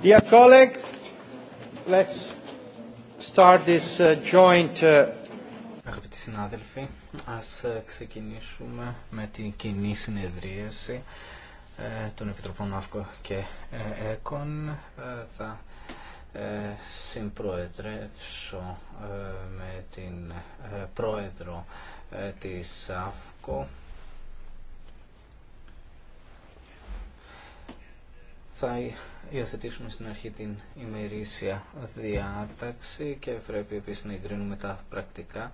Dear let's start this uh, joint... Uh, Αγαπητοί συνάδελφοι, ας ε, ξεκινήσουμε με την κοινή συνεδρίαση ε, των Επιτροπών ΑΦΚΟ και ε, ΕΚΟΝ. Θα συμπροεδρεύσω με την πρόεδρο της ΑΦΚΟ θα υιοθετήσουμε στην αρχή την ημερήσια διάταξη και πρέπει επίσης να εγκρίνουμε τα πρακτικά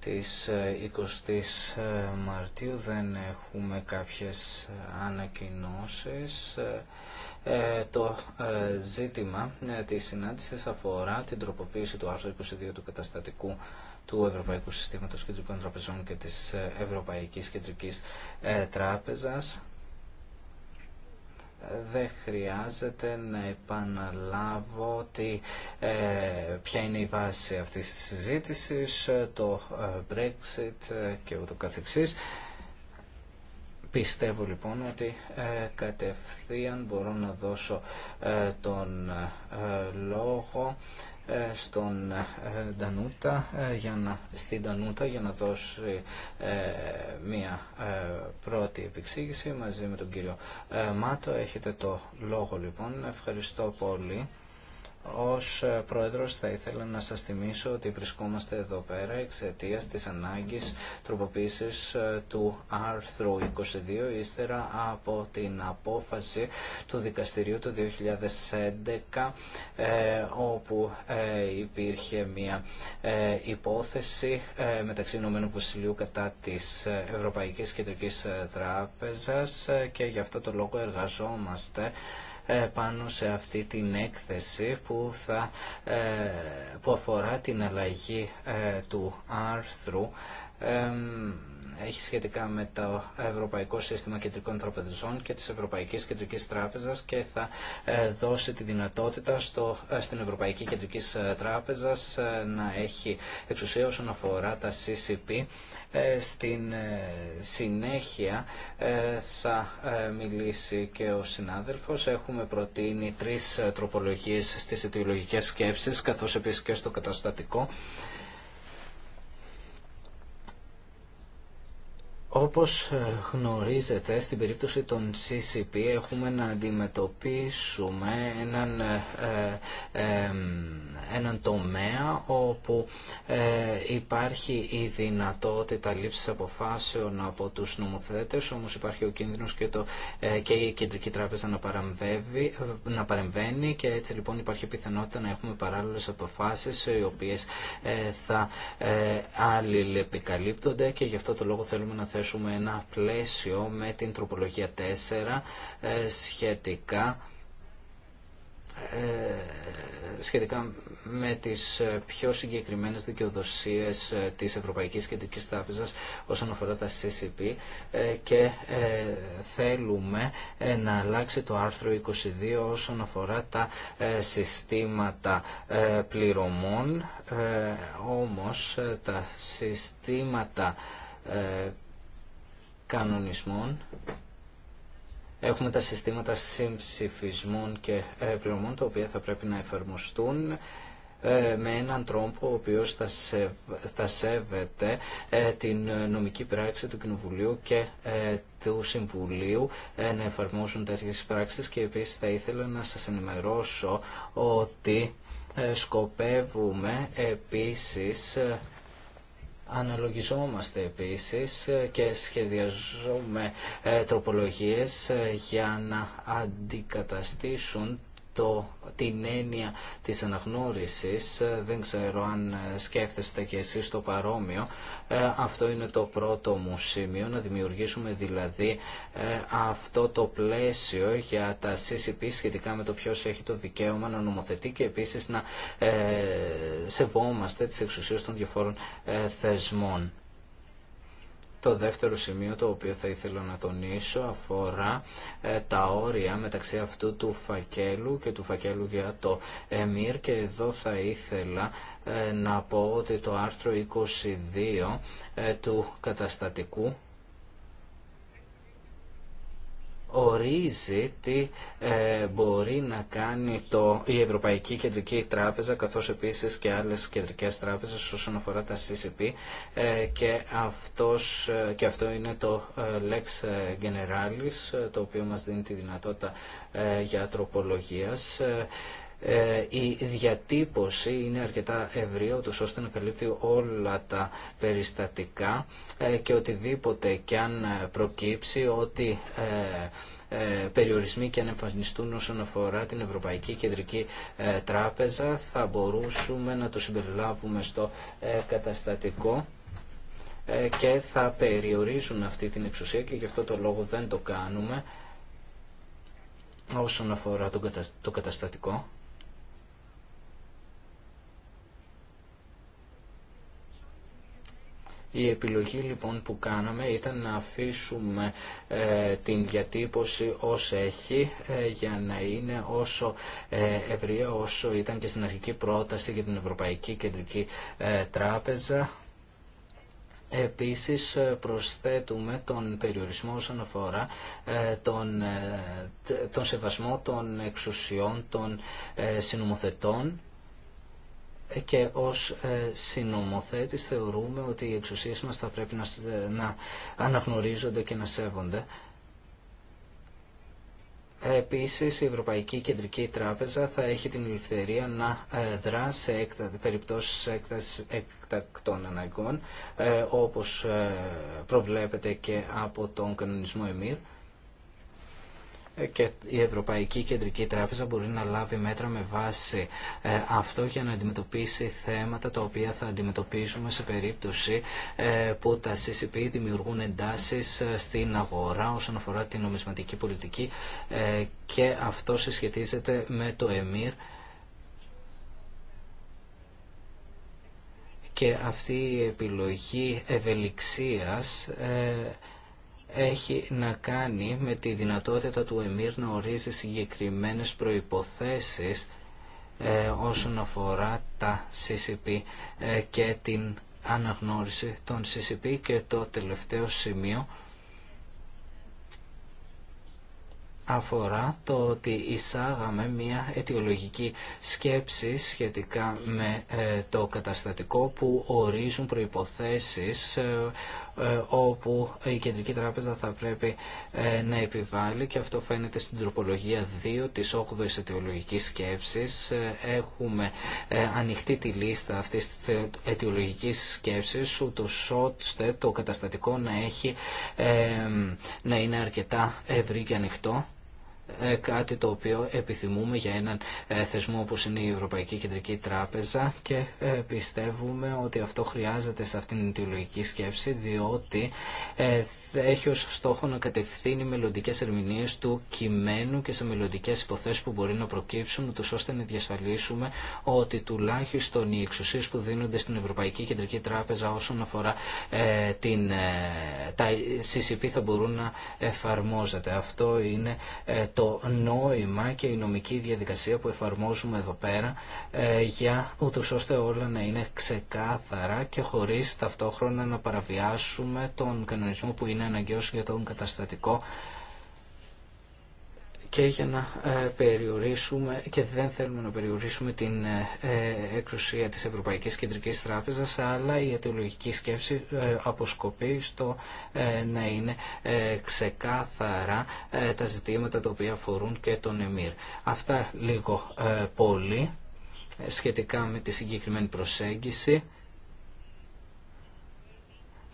της 20ης ε, ε, Μαρτίου. Δεν έχουμε κάποιες ε, ανακοινώσεις. το ζήτημα της συνάντησης αφορά την τροποποίηση του άρθρου 22 του καταστατικού του Ευρωπαϊκού Συστήματος Κεντρικών Τραπεζών και της Ευρωπαϊκής Κεντρικής Τράπεζας δεν χρειάζεται να επαναλάβω ότι, ε, ποια είναι η βάση αυτής της συζήτησης, ε, το ε, Brexit και ούτω καθεξής. Πιστεύω λοιπόν ότι κατευθείαν μπορώ να δώσω τον λόγο ε, στον Δανούτα ε, ε, για να, στην Δανούτα για να δώσει μία πρώτη επεξήγηση μαζί με τον κύριο Μάτο. Έχετε το λόγο λοιπόν. Ευχαριστώ πολύ. Ως ε, Πρόεδρος θα ήθελα να σας θυμίσω ότι βρισκόμαστε εδώ πέρα εξαιτία της ανάγκης τροποποίησης ε, του άρθρου 22 ύστερα από την απόφαση του δικαστηρίου του 2011 ε, όπου υπήρχε μια υπόθεση μεταξύ Ηνωμένου Βουσιλείου κατά της Ευρωπαϊκής Κεντρικής Τράπεζας και γι' αυτό το λόγο εργαζόμαστε ε, πάνω σε αυτή την έκθεση που, θα, ε, αφορά την αλλαγή ε, του άρθρου έχει σχετικά με το Ευρωπαϊκό Σύστημα Κεντρικών Τραπεζών και τη Ευρωπαϊκή Κεντρική Τράπεζα, και θα ε, δώσει τη δυνατότητα στο, ε, στην Ευρωπαϊκή Κεντρική ε, Τράπεζα να έχει εξουσία όσον αφορά τα CCP. Στην συνέχεια θα μιλήσει και ο συνάδελφος. Έχουμε προτείνει τρεις τροπολογίες στις αιτιολογικές σκέψεις καθώς επίσης και στο καταστατικό. Όπως ε, γνωρίζετε, στην περίπτωση των CCP έχουμε να αντιμετωπίσουμε έναν, ε, ε, έναν τομέα όπου ε, υπάρχει η δυνατότητα λήψης αποφάσεων από τους νομοθέτες, όμως υπάρχει ο κίνδυνος και, το, και η Κεντρική Τράπεζα να, να παρεμβαίνει και έτσι λοιπόν υπάρχει πιθανότητα να έχουμε παράλληλες αποφάσεις οι οποίες θα αλληλεπικαλύπτονται και γι' αυτό το λόγο θέλουμε να θέλουμε θέσουμε ένα πλαίσιο με την τροπολογία 4 ε, σχετικά ε, σχετικά με τις ε, πιο συγκεκριμένες δικαιοδοσίες της Ευρωπαϊκής Κεντρικής Τράπεζας όσον αφορά τα CCP και θέλουμε να αλλάξει το άρθρο 22 όσον αφορά τα συστήματα πληρωμών όμως τα συστήματα κανονισμών έχουμε τα συστήματα συμψηφισμών και ε, πληρωμών τα οποία θα πρέπει να εφαρμοστούν ε, με έναν τρόπο ο οποίος θα, σε, θα σέβεται ε, την νομική πράξη του Κοινοβουλίου και του Συμβουλίου να εφαρμόσουν τέτοιες πράξεις και επίσης θα ήθελα να σας ενημερώσω ότι σκοπεύουμε επίσης Αναλογιζόμαστε επίσης και σχεδιαζούμε ε, τροπολογίες ε, για να αντικαταστήσουν την έννοια της αναγνώρισης. Ε, δεν ξέρω αν ε, σκέφτεστε και εσείς το παρόμοιο. Ε, αυτό είναι το πρώτο μου σημείο, να δημιουργήσουμε δηλαδή αυτό το πλαίσιο για τα CCP σχετικά με το ποιος έχει το δικαίωμα να νομοθετεί και επίσης να σεβόμαστε τις εξουσίες των διαφόρων θεσμών. Το δεύτερο σημείο το οποίο θα ήθελα να τονίσω αφορά ε, τα όρια μεταξύ αυτού του φακέλου και του φακέλου για το ΕΜΙΡ και εδώ θα ήθελα ε, να πω ότι το άρθρο 22 ε, του καταστατικού ορίζει τι ε, μπορεί να κάνει το, η Ευρωπαϊκή Κεντρική Τράπεζα καθώς επίσης και άλλες κεντρικές τράπεζες όσον αφορά τα CCP ε, και, αυτός, ε, και αυτό είναι το Lex Generalis το οποίο μας δίνει τη δυνατότητα για τροπολογίας ε, η διατύπωση είναι αρκετά ευρύ, ώστε να καλύπτει όλα τα περιστατικά ε, και οτιδήποτε και αν προκύψει ότι ε, περιορισμοί και αν εμφανιστούν όσον αφορά την Ευρωπαϊκή Κεντρική Τράπεζα θα μπορούσουμε να το συμπεριλάβουμε στο καταστατικό και θα περιορίζουν αυτή την εξουσία και γι' αυτό το λόγο δεν το κάνουμε όσον αφορά το καταστατικό. Η επιλογή λοιπόν που κάναμε ήταν να αφήσουμε ε, την διατύπωση ως έχει ε, για να είναι όσο ε, ευρία όσο ήταν και στην αρχική πρόταση για την Ευρωπαϊκή Κεντρική ε, Τράπεζα. Επίσης προσθέτουμε τον περιορισμό όσον αφορά τον, τον σεβασμό των εξουσιών των συνομοθετών και ως ε, συνομοθέτης θεωρούμε ότι οι εξουσίες μας θα πρέπει ε, να αναγνωρίζονται και να σέβονται. Επίσης, η Ευρωπαϊκή Κεντρική Τράπεζα θα έχει την ελευθερία να ε, δρά σε έκτα, περιπτώσεις εκτακτών αναγκών, όπως προβλέπεται και από τον κανονισμό ΕΜΗΡ και η Ευρωπαϊκή Κεντρική Τράπεζα μπορεί να λάβει μέτρα με βάση ε, αυτό για να αντιμετωπίσει θέματα τα οποία θα αντιμετωπίσουμε σε περίπτωση ε, που τα CCP δημιουργούν εντάσεις ε, στην αγορά όσον αφορά την νομισματική πολιτική και αυτό συσχετίζεται με το ΕΜΗΡ και αυτή η επιλογή ευελιξίας έχει να κάνει με τη δυνατότητα του Εμμύρ να ορίζει συγκεκριμένες προϋποθέσεις ε, όσον αφορά τα CCP ε, και την αναγνώριση των CCP και το τελευταίο σημείο αφορά το ότι εισάγαμε μια αιτιολογική σκέψη σχετικά με ε, το καταστατικό που ορίζουν προϋποθέσεις ε, ε, όπου η Κεντρική Τράπεζα θα πρέπει ε, να επιβάλλει και αυτό φαίνεται στην τροπολογία 2 της 8ης αιτιολογικής σκέψης. Ε, έχουμε ανοιχτή τη λίστα αυτής της αιτιολογικής σκέψης ούτως ώστε το καταστατικό να, έχει, να είναι αρκετά ευρύ και ανοιχτό ε, κάτι το οποίο επιθυμούμε για έναν ε, θεσμό όπως είναι η Ευρωπαϊκή Κεντρική Τράπεζα και ε, πιστεύουμε ότι αυτό χρειάζεται σε αυτήν την ιδεολογική σκέψη διότι έχει ως στόχο να κατευθύνει μελλοντικές ερμηνείες του κειμένου και σε μελλοντικές υποθέσεις που μπορεί να προκύψουν ώστε να διασφαλίσουμε ότι τουλάχιστον οι εξουσίες που δίνονται στην Ευρωπαϊκή Κεντρική Τράπεζα όσον αφορά την, τα CCP θα μπορούν να εφαρμόζεται. Αυτό είναι το νόημα και η νομική διαδικασία που εφαρμόζουμε εδώ πέρα ε, για ούτως ώστε όλα να είναι ξεκάθαρα και χωρίς ταυτόχρονα να παραβιάσουμε τον κανονισμό που είναι αναγκαίος για τον καταστατικό και για να ε, περιορίσουμε και δεν θέλουμε να περιορίσουμε την ε, ε, εξουσία της Ευρωπαϊκής Κεντρικής Τράπεζας αλλά η αιτιολογική σκέψη αποσκοπεί στο να είναι ξεκάθαρα τα ζητήματα τα οποία αφορούν και τον ΕΜΗΡ. Αυτά λίγο πολύ σχετικά με τη συγκεκριμένη προσέγγιση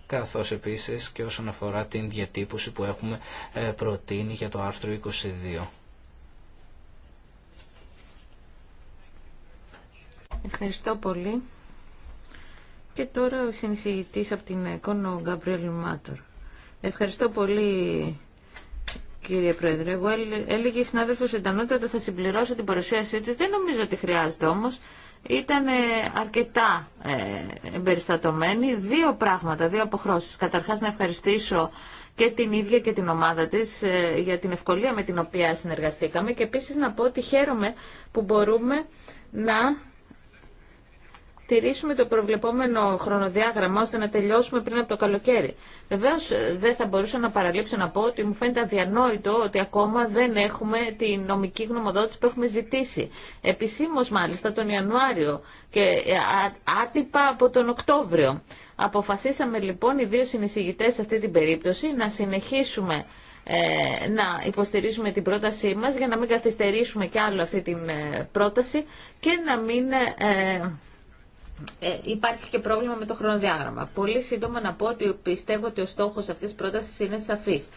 καθώς επίσης και όσον αφορά την διατύπωση που έχουμε ε, προτείνει για το άρθρο 22. Ευχαριστώ πολύ. Και τώρα ο συνεισηγητής από την εικόνα, ο Γκαμπριέλ Μάτορ. Ευχαριστώ πολύ κύριε Πρόεδρε. Εγώ έλεγε η συνάδελφος ότι θα συμπληρώσω την παρουσίασή της. Δεν νομίζω ότι χρειάζεται όμως ήταν αρκετά ε, εμπεριστατωμένη. Δύο πράγματα, δύο αποχρώσεις. Καταρχάς να ευχαριστήσω και την ίδια και την ομάδα της ε, για την ευκολία με την οποία συνεργαστήκαμε και επίσης να πω ότι χαίρομαι που μπορούμε να τηρήσουμε το προβλεπόμενο χρονοδιάγραμμα ώστε να τελειώσουμε πριν από το καλοκαίρι. Βεβαίω ε, δεν θα μπορούσα να παραλείψω να πω ότι μου φαίνεται αδιανόητο ότι ακόμα δεν έχουμε τη νομική γνωμοδότηση που έχουμε ζητήσει. Επισήμω μάλιστα τον Ιανουάριο και ε, άτυπα από τον Οκτώβριο. Αποφασίσαμε λοιπόν οι δύο συνεισηγητές σε αυτή την περίπτωση να συνεχίσουμε ε, να υποστηρίζουμε την πρότασή μας για να μην καθυστερήσουμε κι άλλο αυτή την πρόταση και να μην ε, υπάρχει και πρόβλημα με το χρονοδιάγραμμα. Πολύ σύντομα να πω ότι πιστεύω ότι ο στόχος αυτής της πρότασης είναι σαφής.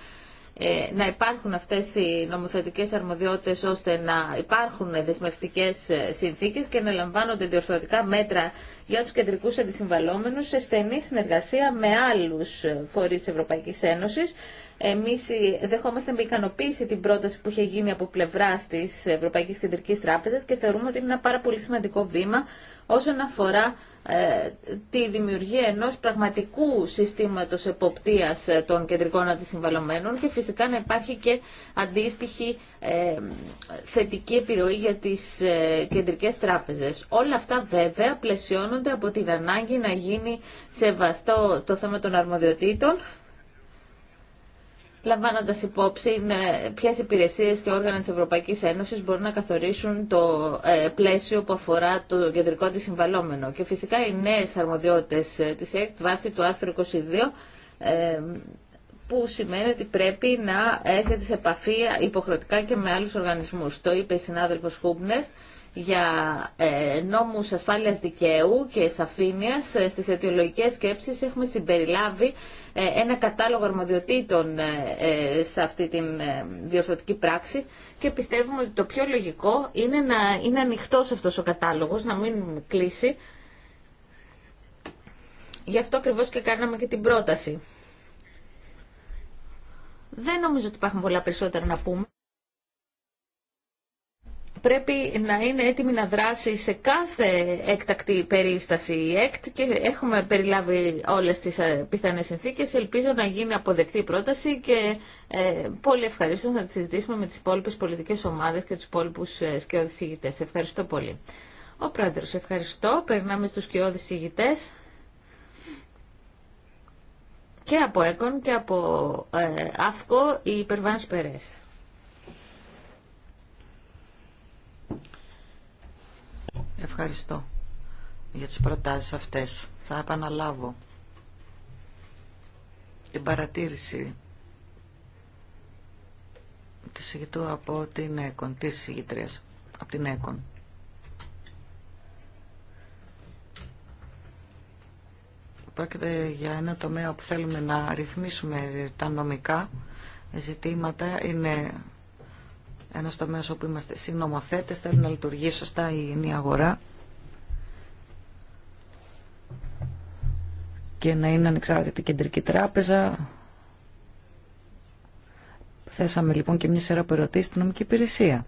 Ε, να υπάρχουν αυτές οι νομοθετικές αρμοδιότητες ώστε να υπάρχουν δεσμευτικές ε, συνθήκες και να λαμβάνονται διορθωτικά μέτρα για τους κεντρικούς αντισυμβαλόμενους σε στενή συνεργασία με άλλους ε, φορείς της Ευρωπαϊκής Ένωσης. Εμείς ε, δεχόμαστε με ικανοποίηση την πρόταση που είχε γίνει από πλευρά της Ευρωπαϊκής Κεντρικής Τράπεζας και θεωρούμε ότι είναι ένα πάρα πολύ σημαντικό βήμα όσον αφορά ε, τη δημιουργία ενός πραγματικού συστήματος εποπτείας ε, των κεντρικών αντισυμβαλωμένων και φυσικά να υπάρχει και αντίστοιχη ε, θετική επιρροή για τις κεντρικές τράπεζες. Όλα αυτά βέβαια πλαισιώνονται από την ανάγκη να γίνει σεβαστό το θέμα των αρμοδιοτήτων λαμβάνοντα υπόψη ποιε υπηρεσίε και όργανα τη Ευρωπαϊκή Ένωση μπορούν να καθορίσουν το ε, πλαίσιο που αφορά το κεντρικό τη συμβαλόμενο. Και φυσικά οι νέε αρμοδιότητε ε, τη ΕΚΤ βάσει του άρθρου 22 ε, που σημαίνει ότι πρέπει να έρχεται σε επαφή υποχρεωτικά και με άλλου οργανισμού. Το είπε η συνάδελφο Χούμπνερ για ε, νόμους ασφάλειας δικαίου και σαφήνειας ε, στις αιτιολογικές σκέψεις έχουμε συμπεριλάβει ε, ένα κατάλογο αρμοδιοτήτων σε αυτή την διορθωτική πράξη και πιστεύουμε ότι το πιο λογικό είναι να είναι ανοιχτός αυτός ο κατάλογος, να μην κλείσει. Γι' αυτό ακριβώς και κάναμε και την πρόταση. Δεν νομίζω ότι υπάρχουν πολλά περισσότερα να πούμε πρέπει να είναι έτοιμη να δράσει σε κάθε έκτακτη περίσταση η ΕΚΤ και έχουμε περιλάβει όλες τις ε, πιθανές συνθήκες. Ελπίζω να γίνει αποδεκτή η πρόταση και ε, πολύ ευχαριστώ να τη συζητήσουμε με τις υπόλοιπες πολιτικές ομάδες και τους υπόλοιπους ε, σκιώδης ηγητές. Ευχαριστώ πολύ. Ο Πρόεδρος, ευχαριστώ. Περνάμε στους σκιώδης ηγητές και από ΕΚΟΝ και από ε, ΑΦΚΟ η υπερβάνηση ευχαριστώ για τις προτάσεις αυτές. Θα επαναλάβω την παρατήρηση τη ηγητού από την ΕΚΟΝ, της ηγητρίας, από την ΕΚΟΝ. Πρόκειται για ένα τομέα που θέλουμε να ρυθμίσουμε τα νομικά ζητήματα. Είναι ένα τομέα όπου είμαστε συνομοθέτες, θέλουμε να λειτουργεί σωστά η νέα αγορά. και να είναι ανεξάρτητη κεντρική τράπεζα. Θέσαμε λοιπόν και μια σειρά από στην νομική υπηρεσία.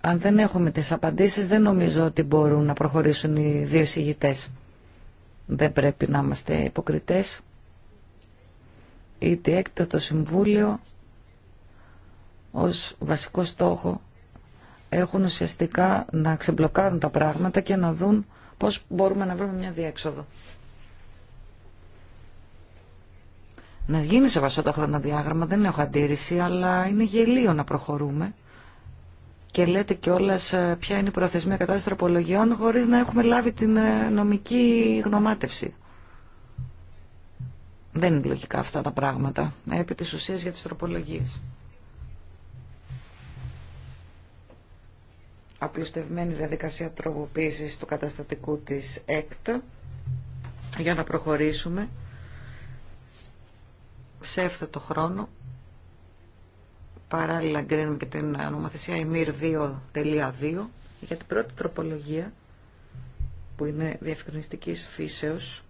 Αν δεν έχουμε τις απαντήσεις δεν νομίζω ότι μπορούν να προχωρήσουν οι δύο συγητές. Δεν πρέπει να είμαστε υποκριτές. Είτε έκτο το Συμβούλιο ως βασικό στόχο έχουν ουσιαστικά να ξεμπλοκάρουν τα πράγματα και να δουν πώς μπορούμε να βρούμε μια διέξοδο. Να γίνει σεβαστό το χρονοδιάγραμμα, δεν έχω αντίρρηση, αλλά είναι γελίο να προχωρούμε. Και λέτε κιόλα ε, ποια είναι η προθεσμία κατάσταση τροπολογιών χωρίς να έχουμε λάβει την ε, νομική γνωμάτευση. Δεν είναι λογικά αυτά τα πράγματα. Επί της ουσία για τις τροπολογίες. απλουστευμένη διαδικασία τροποποίησης του καταστατικού της ΕΚΤ για να προχωρήσουμε σε αυτό το χρόνο. Παράλληλα εγκρίνουμε και την νομοθεσία ημίρ 2.2 για την πρώτη τροπολογία που είναι διευκρινιστικής φύσεως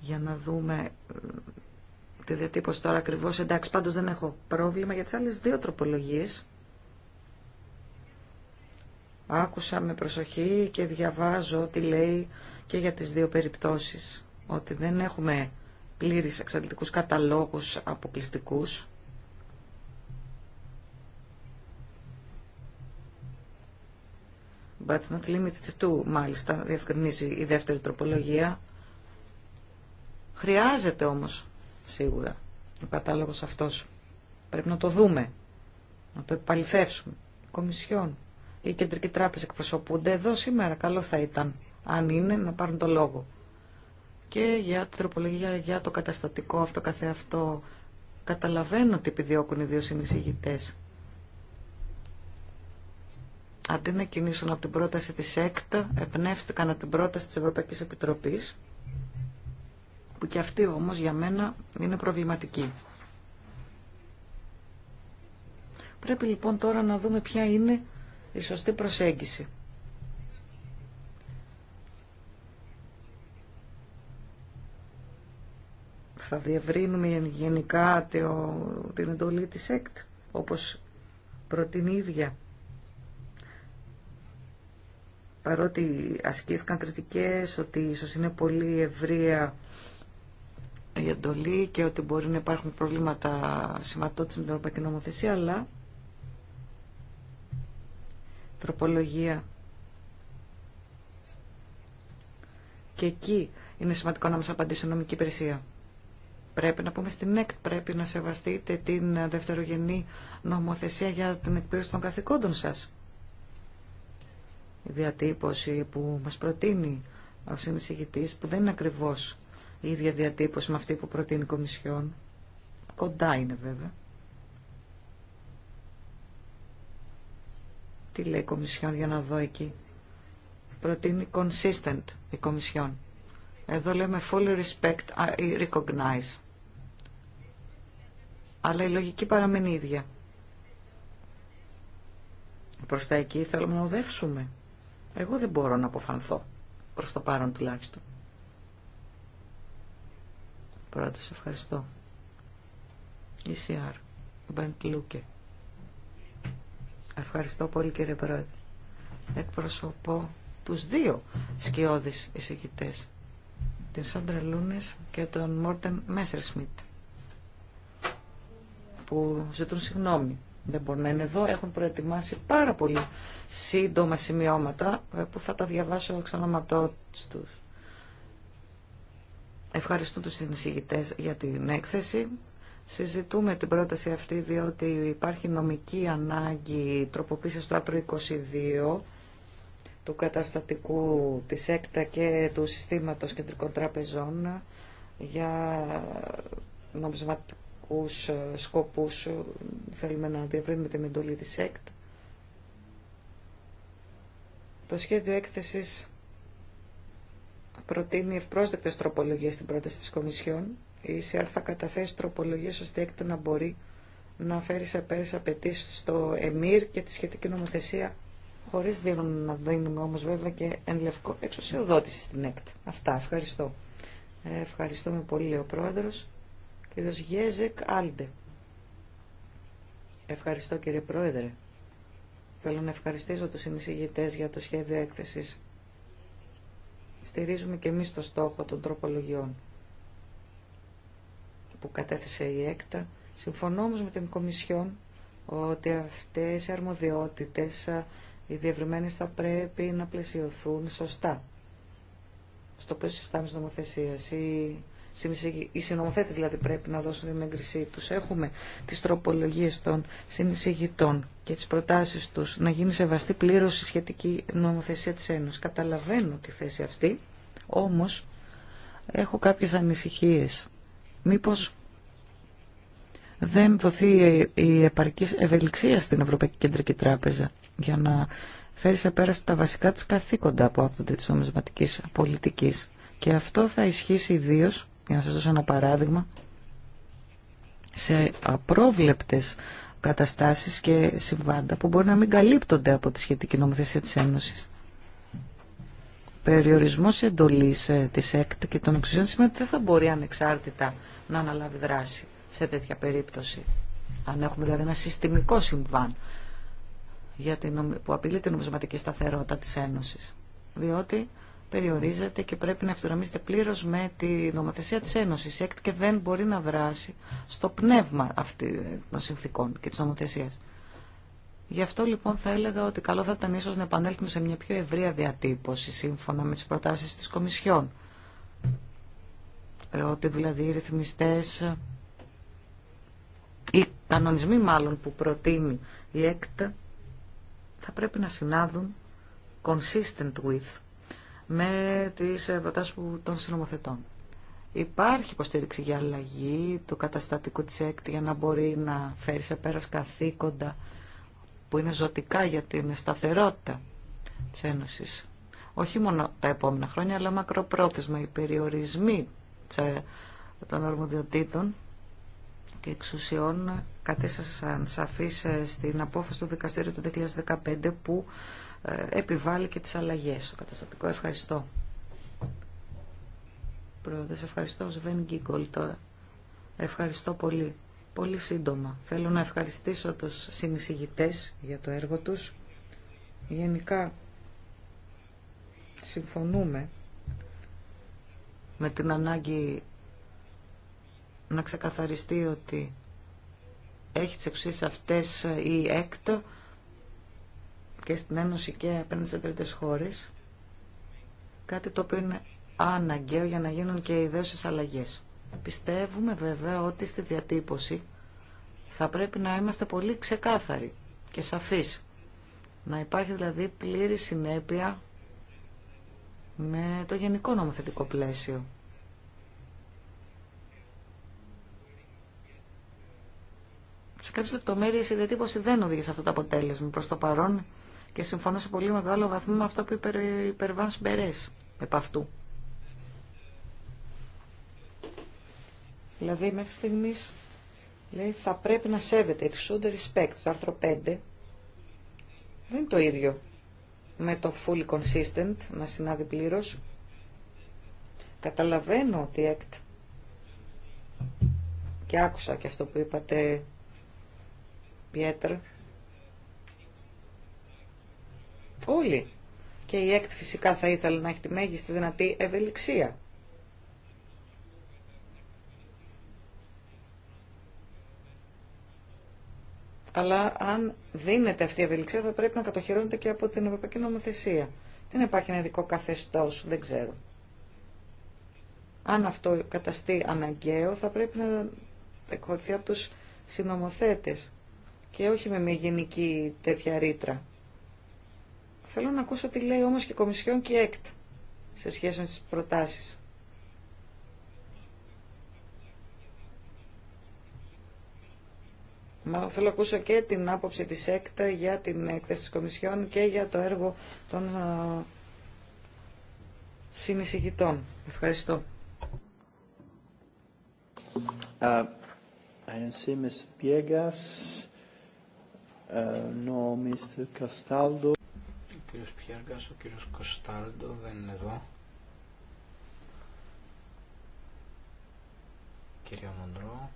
για να δούμε ε, τη διατύπωση τώρα ακριβώς. Εντάξει, πάντως δεν έχω πρόβλημα για τις άλλες δύο τροπολογίες Άκουσα με προσοχή και διαβάζω ότι λέει και για τις δύο περιπτώσεις ότι δεν έχουμε πλήρης εξαντλητικούς καταλόγους αποκλειστικούς but not limited to, μάλιστα, διευκρινίζει η δεύτερη τροπολογία. Χρειάζεται όμως, σίγουρα, ο κατάλογος αυτός. Πρέπει να το δούμε, να το επαληθεύσουμε. Κομισιόν η Κεντρική Τράπεζα εκπροσωπούνται εδώ σήμερα. Καλό θα ήταν, αν είναι, να πάρουν το λόγο. Και για την τροπολογία, για το καταστατικό αυτό καθεαυτό, καταλαβαίνω ότι επιδιώκουν οι δύο συνεισηγητές. Αντί να κινήσουν από την πρόταση της ΕΚΤ, εμπνεύστηκαν από την πρόταση της Ευρωπαϊκής Επιτροπής, που και αυτή όμως για μένα είναι προβληματική. Πρέπει λοιπόν τώρα να δούμε ποια είναι η σωστή προσέγγιση. Θα διευρύνουμε γενικά την εντολή της ΕΚΤ, όπως προτείνει η ίδια. Παρότι ασκήθηκαν κριτικές ότι ίσως είναι πολύ ευρεία η εντολή και ότι μπορεί να υπάρχουν προβλήματα σηματότητας με την Ευρωπαϊκή Νομοθεσία, αλλά τροπολογία. Και εκεί είναι σημαντικό να μας απαντήσει η νομική υπηρεσία. Πρέπει να πούμε στην ΕΚΤ, πρέπει να σεβαστείτε την δευτερογενή νομοθεσία για την εκπλήρωση των καθηκόντων σας. Η διατύπωση που μας προτείνει ο συνεισηγητής, που δεν είναι ακριβώς η ίδια διατύπωση με αυτή που προτείνει η Κομισιόν, κοντά είναι βέβαια. Τι λέει η Κομισιόν για να δω εκεί. Προτείνει consistent η Κομισιόν. Εδώ λέμε full respect, I recognize. Αλλά η λογική παραμένει ίδια. Προς τα εκεί θέλουμε να οδεύσουμε. Εγώ δεν μπορώ να αποφανθώ. Προς το παρόν τουλάχιστον. Πρώτα, σε ευχαριστώ. ECR, Μπεντ Λούκε. Ευχαριστώ πολύ κύριε Πρόεδρε. Εκπροσωπώ τους δύο σκιώδεις εισηγητές, την Σάντρα Λούνες και τον Μόρτεν Μέσσερ Σμιτ, που ζητούν συγγνώμη. Δεν μπορούν να είναι εδώ. Έχουν προετοιμάσει πάρα πολύ σύντομα σημειώματα ε, που θα τα διαβάσω εξ ονόματός τους. Ευχαριστώ τους συνεισηγητές για την έκθεση Συζητούμε την πρόταση αυτή διότι υπάρχει νομική ανάγκη τροποποίησης του άρθρου 22 του καταστατικού της ΕΚΤΑ και του συστήματος κεντρικών τραπεζών για νομισματικούς σκοπούς θέλουμε να διευρύνουμε την εντολή της ΕΚΤ. Το σχέδιο έκθεσης προτείνει ευπρόσδεκτες τροπολογίες στην πρόταση της Κομισιόν η ΕΣΥΑΡ θα καταθέσει τροπολογίες ώστε ΕΚΤ να μπορεί να φέρει σε πέρα απαιτήσει στο ΕΜΙΡ και τη σχετική νομοθεσία χωρίς να δίνουμε όμως βέβαια και εν λευκό εξουσιοδότηση στην ΕΚΤ. Αυτά, ευχαριστώ. Ε, ευχαριστούμε πολύ ο Πρόεδρος. Κύριο Γέζεκ Άλντε. Ευχαριστώ κύριε Πρόεδρε. Θέλω να ευχαριστήσω του συνεισηγητέ για το σχέδιο έκθεση. Στηρίζουμε και εμεί το στόχο των τροπολογιών που κατέθεσε η ΕΚΤΑ. Συμφωνώ όμως με την Κομισιόν ότι αυτές οι αρμοδιότητες, οι διευρυμένες θα πρέπει να πλαισιωθούν σωστά στο πλαίσιο της τάμης νομοθεσίας. Οι, οι δηλαδή πρέπει να δώσουν την έγκρισή τους. Έχουμε τις τροπολογίες των συνεισηγητών και τις προτάσεις τους να γίνει σεβαστή πλήρωση σχετική νομοθεσία της Ένωσης. Καταλαβαίνω τη θέση αυτή, όμως έχω κάποιες ανησυχίες Μήπως δεν δοθεί η επαρκή ευελιξία στην Ευρωπαϊκή Κεντρική Τράπεζα για να φέρει σε πέραση τα βασικά της καθήκοντα από άπτονται της νομισματικής πολιτικής. Και αυτό θα ισχύσει ιδίω, για να σας δώσω ένα παράδειγμα, σε απρόβλεπτες καταστάσεις και συμβάντα που μπορεί να μην καλύπτονται από τη σχετική νομοθεσία της Ένωσης περιορισμός εντολής ε, της ΕΚΤ και των εξουσιών σημαίνει ότι δεν θα μπορεί ανεξάρτητα να αναλάβει δράση σε τέτοια περίπτωση. Αν έχουμε δηλαδή ένα συστημικό συμβάν για που απειλεί την νομισματική σταθερότητα τη Ένωση, Διότι περιορίζεται και πρέπει να ευθυγραμμίζεται πλήρω με τη νομοθεσία τη Ένωση. Η ΕΚΤ και δεν μπορεί να δράσει στο πνεύμα αυτή των συνθήκων και τη νομοθεσία. Γι' αυτό λοιπόν θα έλεγα ότι καλό θα ήταν ίσως να επανέλθουμε σε μια πιο ευρεία διατύπωση σύμφωνα με τις προτάσεις της Κομισιόν. Ε, ότι δηλαδή οι ρυθμιστές, οι κανονισμοί μάλλον που προτείνει η ΕΚΤ θα πρέπει να συνάδουν consistent with με τις προτάσεις των συνομοθετών. Υπάρχει υποστήριξη για αλλαγή του καταστατικού της ΕΚΤ για να μπορεί να φέρει σε πέρας καθήκοντα που είναι ζωτικά για την σταθερότητα της Ένωσης. Όχι μόνο τα επόμενα χρόνια, αλλά μακροπρόθεσμα. Οι περιορισμοί ε, των ορμοδιοτήτων και εξουσιών κατέστασαν σαφείς ε, στην απόφαση του δικαστήριου του 2015 που ε, επιβάλλει και τις αλλαγές. Ο καταστατικό ευχαριστώ. Πρόεδρος, ευχαριστώ. Σβέν Ευχαριστώ πολύ. Πολύ σύντομα. Θέλω να ευχαριστήσω τους συνεισηγητές για το έργο τους. Γενικά συμφωνούμε με την ανάγκη να ξεκαθαριστεί ότι έχει τις εξουσίες αυτές η ΕΚΤ και στην Ένωση και απέναντι σε τρίτες χώρες κάτι το οποίο είναι αναγκαίο για να γίνουν και ιδέωσες αλλαγές. Πιστεύουμε βέβαια ότι στη διατύπωση θα πρέπει να είμαστε πολύ ξεκάθαροι και σαφείς. Να υπάρχει δηλαδή πλήρη συνέπεια με το γενικό νομοθετικό πλαίσιο. Σε κάποιες λεπτομέρειες η διατύπωση δεν οδηγεί σε αυτό το αποτέλεσμα προς το παρόν και συμφωνώ σε πολύ μεγάλο βαθμό με αυτό που είπε περές επ' αυτού. Δηλαδή μέχρι στιγμής λέει θα πρέπει να σέβεται, it should respect, στο άρθρο 5. Δεν είναι το ίδιο με το fully consistent, να συνάδει πλήρω. Καταλαβαίνω ότι εκτ και άκουσα και αυτό που είπατε Πιέτρ όλοι και η ΕΚΤ φυσικά θα ήθελε να έχει τη μέγιστη δυνατή ευελιξία αλλά αν δίνεται αυτή η ευελιξία θα πρέπει να κατοχυρώνεται και από την Ευρωπαϊκή Νομοθεσία. Δεν υπάρχει ένα ειδικό καθεστώς, δεν ξέρω. Αν αυτό καταστεί αναγκαίο θα πρέπει να εκχωρηθεί από τους συνομοθέτες και όχι με μια γενική τέτοια ρήτρα. Θέλω να ακούσω τι λέει όμως και η Κομισιόν και η ΕΚΤ σε σχέση με τις προτάσεις. Μα θέλω να ακούσω και την άποψη της ΕΚΤΑ για την έκθεση της Κομισιόν και για το έργο των συνεισηγητών. Ευχαριστώ. Uh, Ο κύριος Πιέργας, ο κύριος Κοστάλντο δεν είναι εδώ. Κύριε Μοντρό.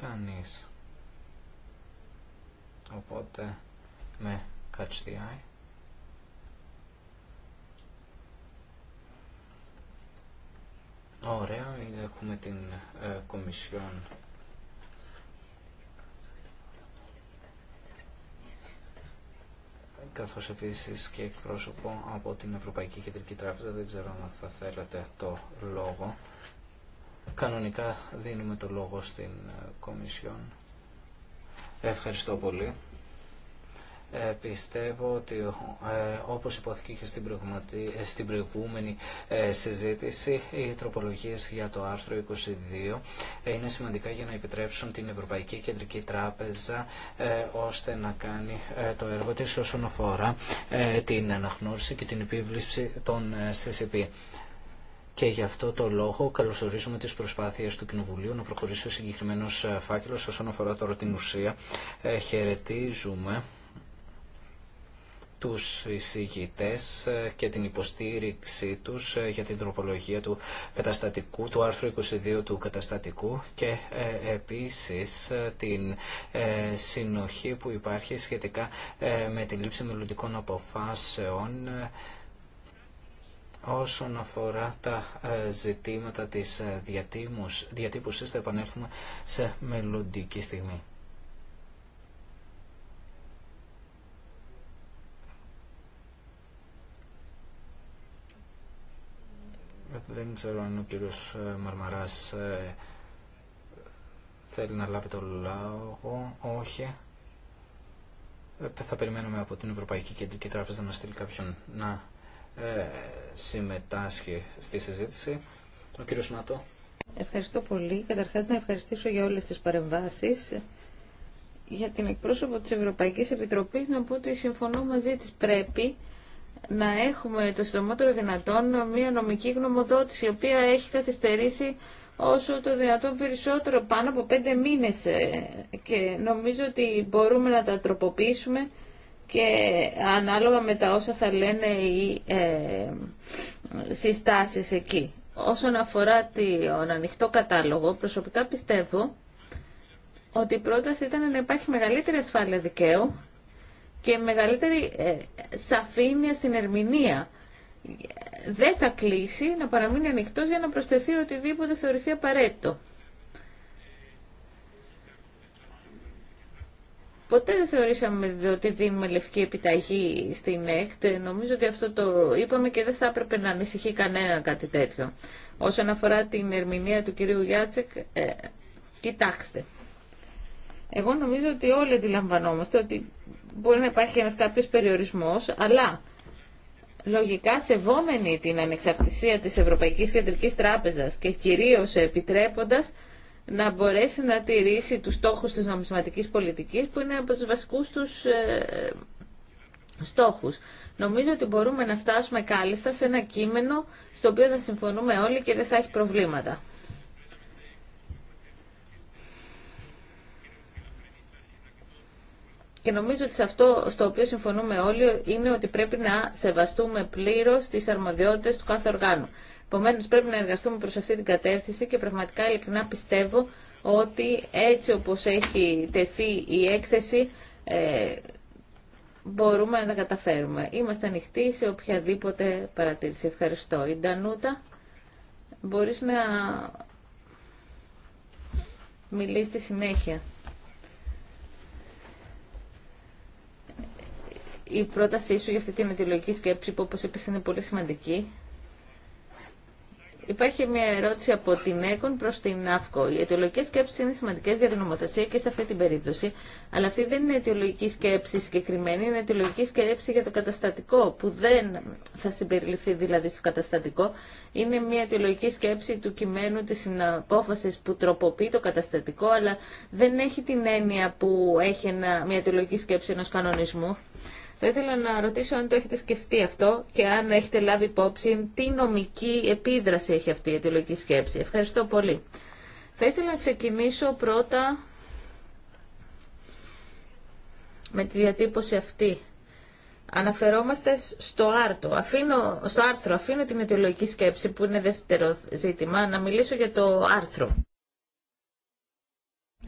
κανείς. Οπότε με ναι, catch the eye. Ωραία, έχουμε την ε, Κομισιόν. Καθώς επίσης και εκπρόσωπο από την Ευρωπαϊκή Κεντρική Τράπεζα, δεν ξέρω αν θα θέλετε το λόγο. Κανονικά δίνουμε το λόγο στην ε, Κομισιόν. Ευχαριστώ πολύ. Ε, πιστεύω ότι ε, όπως υπόθηκε και ε, στην, προηγούμενη ε, συζήτηση οι τροπολογίες για το άρθρο 22 είναι σημαντικά για να επιτρέψουν την Ευρωπαϊκή Κεντρική Τράπεζα ώστε να κάνει το έργο της όσον αφορά την αναγνώριση και την επίβληψη των CCP. Και γι' αυτό το λόγο καλωσορίζουμε τις προσπάθειες του Κοινοβουλίου να προχωρήσει ο συγκεκριμένος ε, φάκελος όσον αφορά τώρα την ουσία. Ε, χαιρετίζουμε τους εισηγητές ε, και την υποστήριξή τους για την τροπολογία του καταστατικού, του άρθρου 22 του καταστατικού και επίσης την συνοχή που υπάρχει σχετικά με την λήψη μελλοντικών αποφάσεων Όσον αφορά τα ε, ζητήματα της ε, διατύπωσης θα επανέλθουμε σε μελλοντική στιγμή. Δεν ξέρω αν ο κύριος ε, Μαρμαράς θέλει να λάβει το λόγο. Όχι. Θα περιμένουμε από την Ευρωπαϊκή Κεντρική Τράπεζα να στείλει κάποιον να ε, συμμετάσχει στη συζήτηση. Ο κύριο Σνάτο Ευχαριστώ πολύ. Καταρχάς να ευχαριστήσω για όλες τις παρεμβάσεις. Για την εκπρόσωπο της Ευρωπαϊκής Επιτροπής να πω ότι συμφωνώ μαζί της πρέπει να έχουμε το συντομότερο δυνατόν μια νομική γνωμοδότηση η οποία έχει καθυστερήσει όσο το δυνατόν περισσότερο πάνω από πέντε μήνες ε, και νομίζω ότι μπορούμε να τα τροποποιήσουμε και ανάλογα με τα όσα θα λένε οι ε, συστάσεις εκεί. Όσον αφορά τον ανοιχτό κατάλογο, προσωπικά πιστεύω ότι η πρόταση ήταν να υπάρχει μεγαλύτερη ασφάλεια δικαίου και μεγαλύτερη ε, σαφήνεια στην ερμηνεία. Δεν θα κλείσει να παραμείνει ανοιχτός για να προσθεθεί οτιδήποτε θεωρηθεί απαραίτητο. Ποτέ δεν θεωρήσαμε ότι δίνουμε λευκή επιταγή στην ΕΚΤ. Νομίζω ότι αυτό το είπαμε και δεν θα έπρεπε να ανησυχεί κανένα κάτι τέτοιο. Όσον αφορά την ερμηνεία του κυρίου Γιάτσεκ, ε, κοιτάξτε. Εγώ νομίζω ότι όλοι αντιλαμβανόμαστε ότι μπορεί να υπάρχει ένας κάποιος περιορισμός, αλλά λογικά σεβόμενοι την ανεξαρτησία της Ευρωπαϊκής Κεντρικής Τράπεζας και κυρίως επιτρέποντας να μπορέσει να τηρήσει τους στόχους της νομισματικής πολιτικής που είναι από τους βασικούς τους ε, στόχους. Νομίζω ότι μπορούμε να φτάσουμε κάλλιστα σε ένα κείμενο στο οποίο θα συμφωνούμε όλοι και δεν θα έχει προβλήματα. Και νομίζω ότι σε αυτό στο οποίο συμφωνούμε όλοι είναι ότι πρέπει να σεβαστούμε πλήρως τις αρμοδιότητες του κάθε οργάνου. Επομένω πρέπει να εργαστούμε προ αυτή την κατεύθυνση και πραγματικά ειλικρινά πιστεύω ότι έτσι όπω έχει τεθεί η έκθεση ε, μπορούμε να τα καταφέρουμε. Είμαστε ανοιχτοί σε οποιαδήποτε παρατήρηση. Ευχαριστώ. Η Ντανούτα, μπορεί να μιλήσει στη συνέχεια. Η πρότασή σου για αυτή την αιτιολογική σκέψη που όπως είπες είναι πολύ σημαντική Υπάρχει μια ερώτηση από την ΕΚΟΝ προ την ΑΦΚΟ. Οι αιτιολογικέ σκέψει είναι σημαντικέ για την νομοθεσία και σε αυτή την περίπτωση, αλλά αυτή δεν είναι αιτιολογική σκέψη συγκεκριμένη, είναι αιτιολογική σκέψη για το καταστατικό, που δεν θα συμπεριληφθεί δηλαδή στο καταστατικό. Είναι μια αιτιολογική σκέψη του κειμένου τη συναπόφαση που τροποποιεί το καταστατικό, αλλά δεν έχει την έννοια που έχει μια αιτιολογική σκέψη ενό κανονισμού. Θα ήθελα να ρωτήσω αν το έχετε σκεφτεί αυτό και αν έχετε λάβει υπόψη τι νομική επίδραση έχει αυτή η αιτιολογική σκέψη. Ευχαριστώ πολύ. Θα ήθελα να ξεκινήσω πρώτα με τη διατύπωση αυτή. Αναφερόμαστε στο, άρθρο. αφήνω, στο άρθρο. Αφήνω την αιτιολογική σκέψη που είναι δεύτερο ζήτημα να μιλήσω για το άρθρο.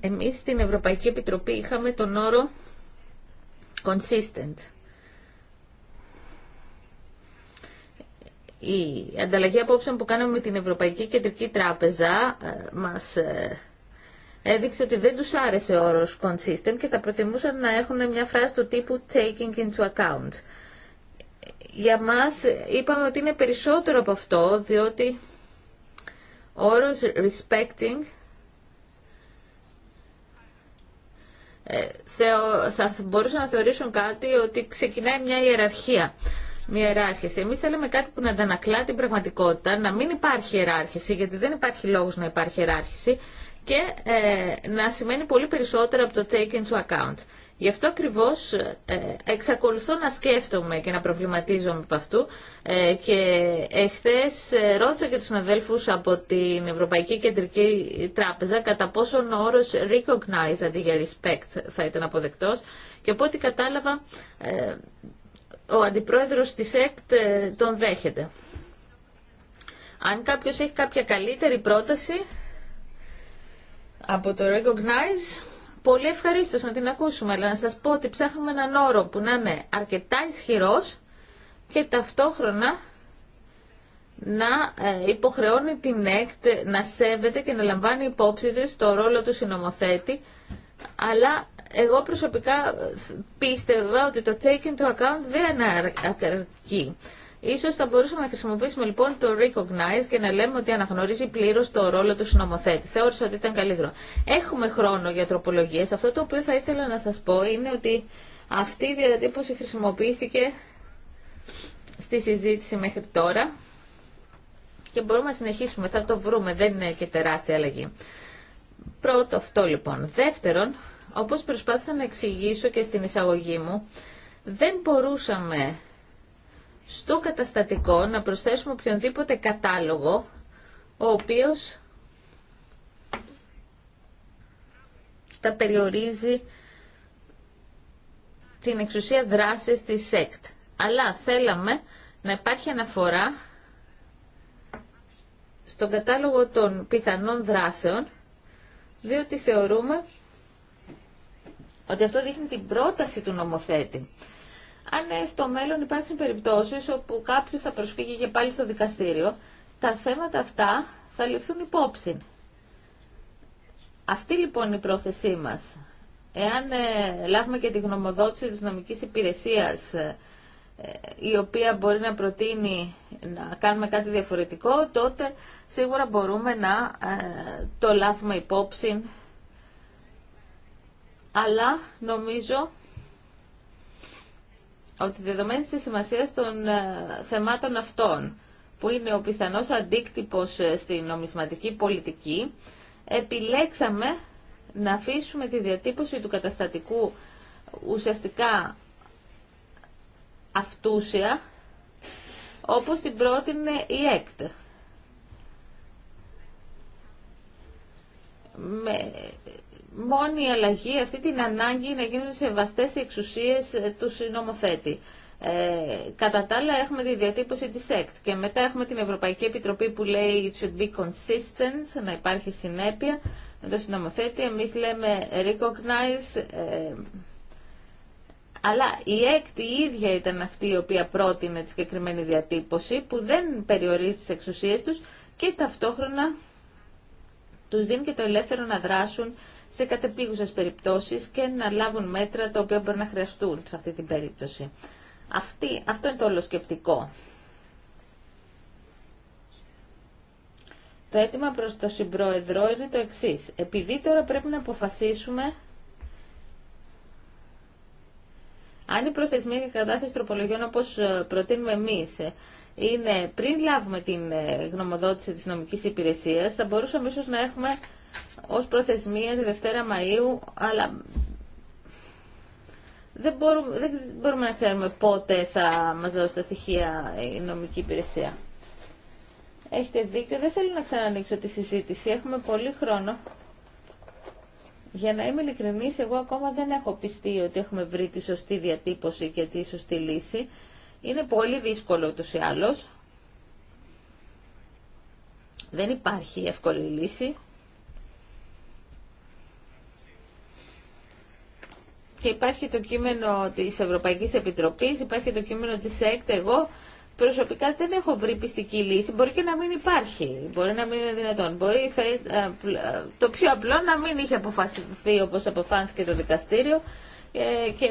Εμείς στην Ευρωπαϊκή Επιτροπή είχαμε τον όρο consistent. Η ανταλλαγή απόψεων που κάναμε με την Ευρωπαϊκή Κεντρική Τράπεζα ε, μας ε, έδειξε ότι δεν τους άρεσε ο όρος consistent και θα προτιμούσαν να έχουν μια φράση του τύπου taking into account. Για μας είπαμε ότι είναι περισσότερο από αυτό, διότι ο όρος respecting ε, θα μπορούσαν να θεωρήσουν κάτι ότι ξεκινάει μια ιεραρχία μια ιεράρχηση. Εμεί θέλαμε κάτι που να αντανακλά την πραγματικότητα, να μην υπάρχει ιεράρχηση, γιατί δεν υπάρχει λόγο να υπάρχει ιεράρχηση και ε, να σημαίνει πολύ περισσότερο από το take into account. Γι' αυτό ακριβώ ε, εξακολουθώ να σκέφτομαι και να προβληματίζομαι από αυτού ε, και εχθέ ε, ρώτησα και του συναδέλφου από την Ευρωπαϊκή Κεντρική Τράπεζα κατά πόσον ο όρο recognize αντί για respect θα ήταν αποδεκτό και από ό,τι κατάλαβα ε, ο αντιπρόεδρος της ΕΚΤ ε, τον δέχεται. Αν κάποιος έχει κάποια καλύτερη πρόταση από το Recognize, πολύ ευχαρίστω να την ακούσουμε, αλλά να σας πω ότι ψάχνουμε έναν όρο που να είναι αρκετά ισχυρός και ταυτόχρονα να ε, υποχρεώνει την ΕΚΤ να σέβεται και να λαμβάνει υπόψη της το ρόλο του συνομοθέτη, αλλά εγώ προσωπικά πίστευα ότι το take into account δεν αρκεί. Ίσως θα μπορούσαμε να χρησιμοποιήσουμε λοιπόν το recognize και να λέμε ότι αναγνωρίζει πλήρως το ρόλο του συνομοθέτη. Θεώρησα ότι ήταν καλύτερο. Έχουμε χρόνο για τροπολογίες. Αυτό το οποίο θα ήθελα να σας πω είναι ότι αυτή η διατύπωση χρησιμοποιήθηκε στη συζήτηση μέχρι τώρα και μπορούμε να συνεχίσουμε. Θα το βρούμε. Δεν είναι και τεράστια αλλαγή. Πρώτο αυτό λοιπόν. Δεύτερον, όπως προσπάθησα να εξηγήσω και στην εισαγωγή μου, δεν μπορούσαμε στο καταστατικό να προσθέσουμε οποιονδήποτε κατάλογο, ο οποίος τα περιορίζει την εξουσία δράσης της ΣΕΚΤ. Αλλά θέλαμε να υπάρχει αναφορά στον κατάλογο των πιθανών δράσεων, διότι θεωρούμε ότι αυτό δείχνει την πρόταση του νομοθέτη. Αν ε, στο μέλλον υπάρχουν περιπτώσεις όπου κάποιος θα προσφύγει και πάλι στο δικαστήριο, τα θέματα αυτά θα ληφθούν υπόψη. Αυτή λοιπόν είναι η πρόθεσή μας. Εάν ε, λάβουμε και τη γνωμοδότηση της νομικής υπηρεσίας, ε, η οποία μπορεί να προτείνει να κάνουμε κάτι διαφορετικό, τότε σίγουρα μπορούμε να το λάβουμε υπόψη αλλά νομίζω ότι δεδομένη της σημασίας των ε, θεμάτων αυτών, που είναι ο πιθανός αντίκτυπος ε, στη νομισματική πολιτική, επιλέξαμε να αφήσουμε τη διατύπωση του καταστατικού ουσιαστικά αυτούσια, όπως την πρότεινε η ΕΚΤ. Με μόνη αλλαγή, αυτή την ανάγκη να γίνονται σεβαστέ οι εξουσίες ε, του συνομοθέτη. Ε, κατά τα άλλα έχουμε τη διατύπωση της ΕΚΤ και μετά έχουμε την Ευρωπαϊκή Επιτροπή που λέει it should be consistent, να υπάρχει συνέπεια με το συνομοθέτη. Εμείς λέμε recognize, ε, αλλά η ΕΚΤ η ίδια ήταν αυτή η οποία πρότεινε τη συγκεκριμένη διατύπωση που δεν περιορίζει τις εξουσίες τους και ταυτόχρονα τους δίνει και το ελεύθερο να δράσουν σε κατεπίγουσε περιπτώσεις και να λάβουν μέτρα τα οποία μπορεί να χρειαστούν σε αυτή την περίπτωση. Αυτή, αυτό είναι το όλο σκεπτικό. Το αίτημα προ το συμπρόεδρο είναι το εξή. Επειδή τώρα πρέπει να αποφασίσουμε αν η προθεσμία για κατάθεση τροπολογιών όπως ε, προτείνουμε εμείς ε, είναι πριν λάβουμε την ε, γνωμοδότηση της νομικής υπηρεσίας, θα μπορούσαμε ίσως να έχουμε ως προθεσμία τη Δευτέρα Μαΐου, αλλά δεν μπορούμε, δεν να ξέρουμε πότε θα μας δώσει τα στοιχεία η νομική υπηρεσία. Έχετε δίκιο, δεν θέλω να ξανανοίξω τη συζήτηση, έχουμε πολύ χρόνο. Για να είμαι ειλικρινής, εγώ ακόμα δεν έχω πιστεί ότι έχουμε βρει τη σωστή διατύπωση και τη σωστή λύση. Είναι πολύ δύσκολο ούτως ή άλλως. Δεν υπάρχει εύκολη λύση. και υπάρχει το κείμενο της Ευρωπαϊκής Επιτροπής, υπάρχει το κείμενο της ΕΚΤ, εγώ προσωπικά δεν έχω βρει πιστική λύση. Μπορεί και να μην υπάρχει, μπορεί να μην είναι δυνατόν. Μπορεί ε, ε, το πιο απλό να μην είχε αποφασιστεί όπως αποφάνθηκε το δικαστήριο ε, και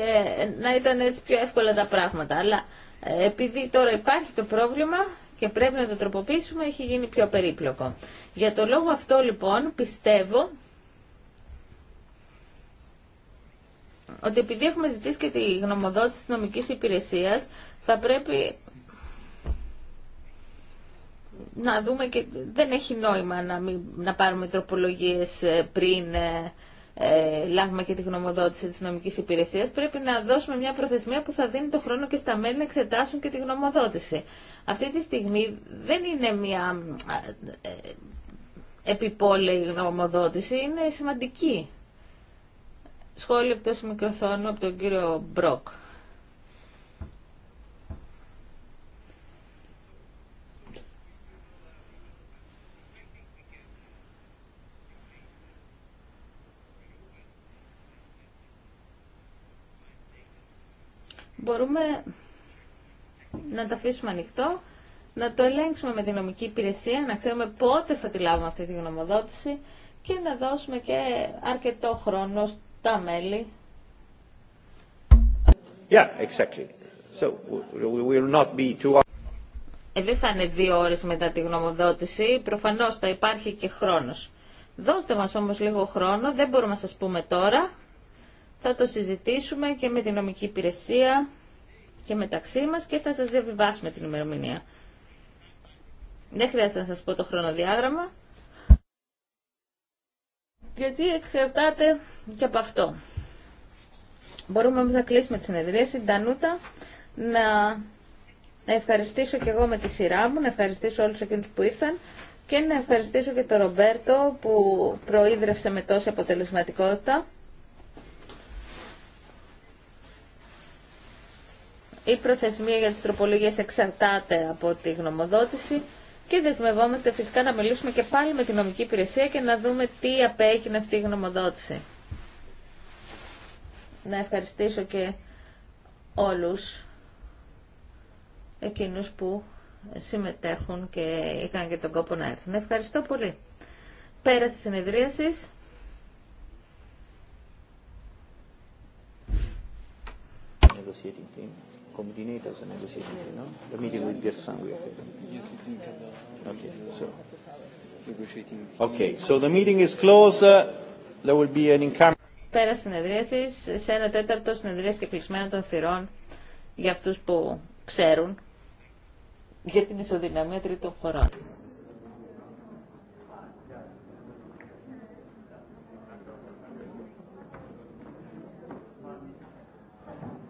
να ήταν έτσι πιο εύκολα τα πράγματα. Αλλά επειδή τώρα υπάρχει το πρόβλημα και πρέπει να το τροποποιήσουμε, έχει γίνει πιο περίπλοκο. Για το λόγο αυτό λοιπόν πιστεύω ότι επειδή έχουμε ζητήσει και τη γνωμοδότηση της νομικής υπηρεσίας, θα πρέπει να δούμε και δεν έχει νόημα να, να πάρουμε τροπολογίες ε, πριν ε, ε, λάβουμε και τη γνωμοδότηση της νομικής υπηρεσίας. Πρέπει να δώσουμε μια προθεσμία που θα δίνει το χρόνο και στα μέλη να εξετάσουν και τη γνωμοδότηση. Αυτή τη στιγμή δεν είναι μια ε, επιπόλαιη γνωμοδότηση, είναι σημαντική. Σχόλιο εκτός μικροθόνου από τον κύριο Μπροκ. Μπορούμε να τα αφήσουμε ανοιχτό, να το ελέγξουμε με την νομική υπηρεσία, να ξέρουμε πότε θα τη λάβουμε αυτή τη γνωμοδότηση και να δώσουμε και αρκετό χρόνο τα μέλη. Yeah, exactly. So we will not be ε, δεν θα είναι δύο ώρες μετά τη γνωμοδότηση, προφανώς θα υπάρχει και χρόνος. Δώστε μας όμως λίγο χρόνο, δεν μπορούμε να σας πούμε τώρα. Θα το συζητήσουμε και με την νομική υπηρεσία και μεταξύ μας και θα σας διαβιβάσουμε την ημερομηνία. Δεν χρειάζεται να σας πω το χρονοδιάγραμμα γιατί εξαρτάται και από αυτό. Μπορούμε όμως να κλείσουμε τη συνεδρία. Συντανούτα να ευχαριστήσω και εγώ με τη σειρά μου, να ευχαριστήσω όλους εκείνους που ήρθαν και να ευχαριστήσω και τον Ρομπέρτο που προείδρευσε με τόση αποτελεσματικότητα. Η προθεσμία για τις τροπολογίες εξαρτάται από τη γνωμοδότηση. Και δεσμευόμαστε φυσικά να μιλήσουμε και πάλι με την νομική υπηρεσία και να δούμε τι απέκεινε αυτή η γνωμοδότηση. Να ευχαριστήσω και όλους εκείνους που συμμετέχουν και είχαν και τον κόπο να έρθουν. Ευχαριστώ πολύ. Πέραση συνεδρίασης. negotiating coordinators and everything, you know? The meeting with Gersan. Yes, it's in Okay, so. Negotiating. Okay, so the meeting is closed. Uh, there will be an incoming. Πέρα συνεδρίαση, σε ένα τέταρτο συνεδρίαση και κλεισμένο των θυρών για αυτού που ξέρουν για την ισοδυναμία τρίτων χωρών.